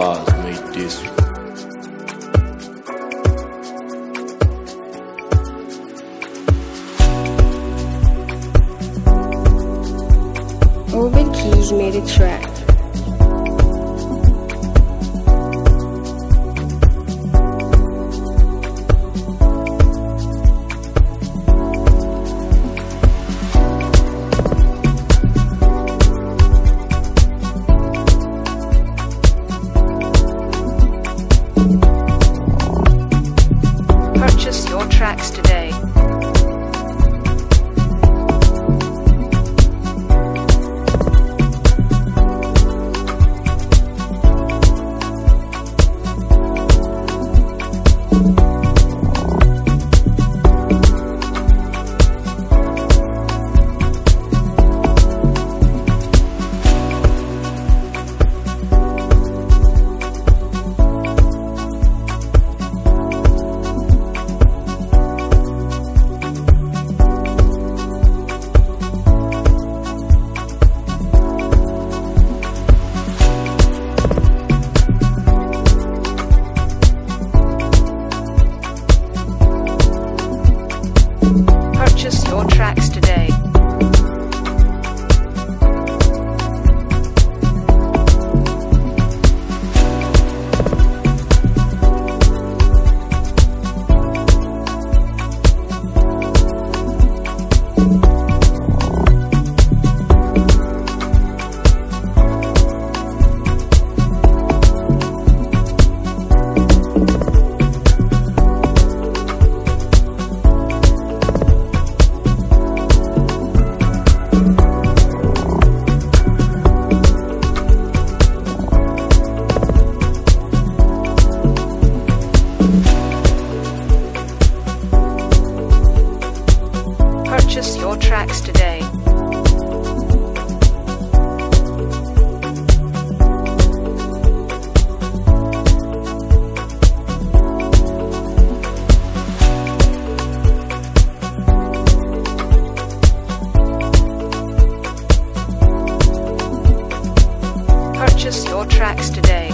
Boz made this one. Urban Keys made a track. tracks today. purchase your tracks today. Purchase your tracks today.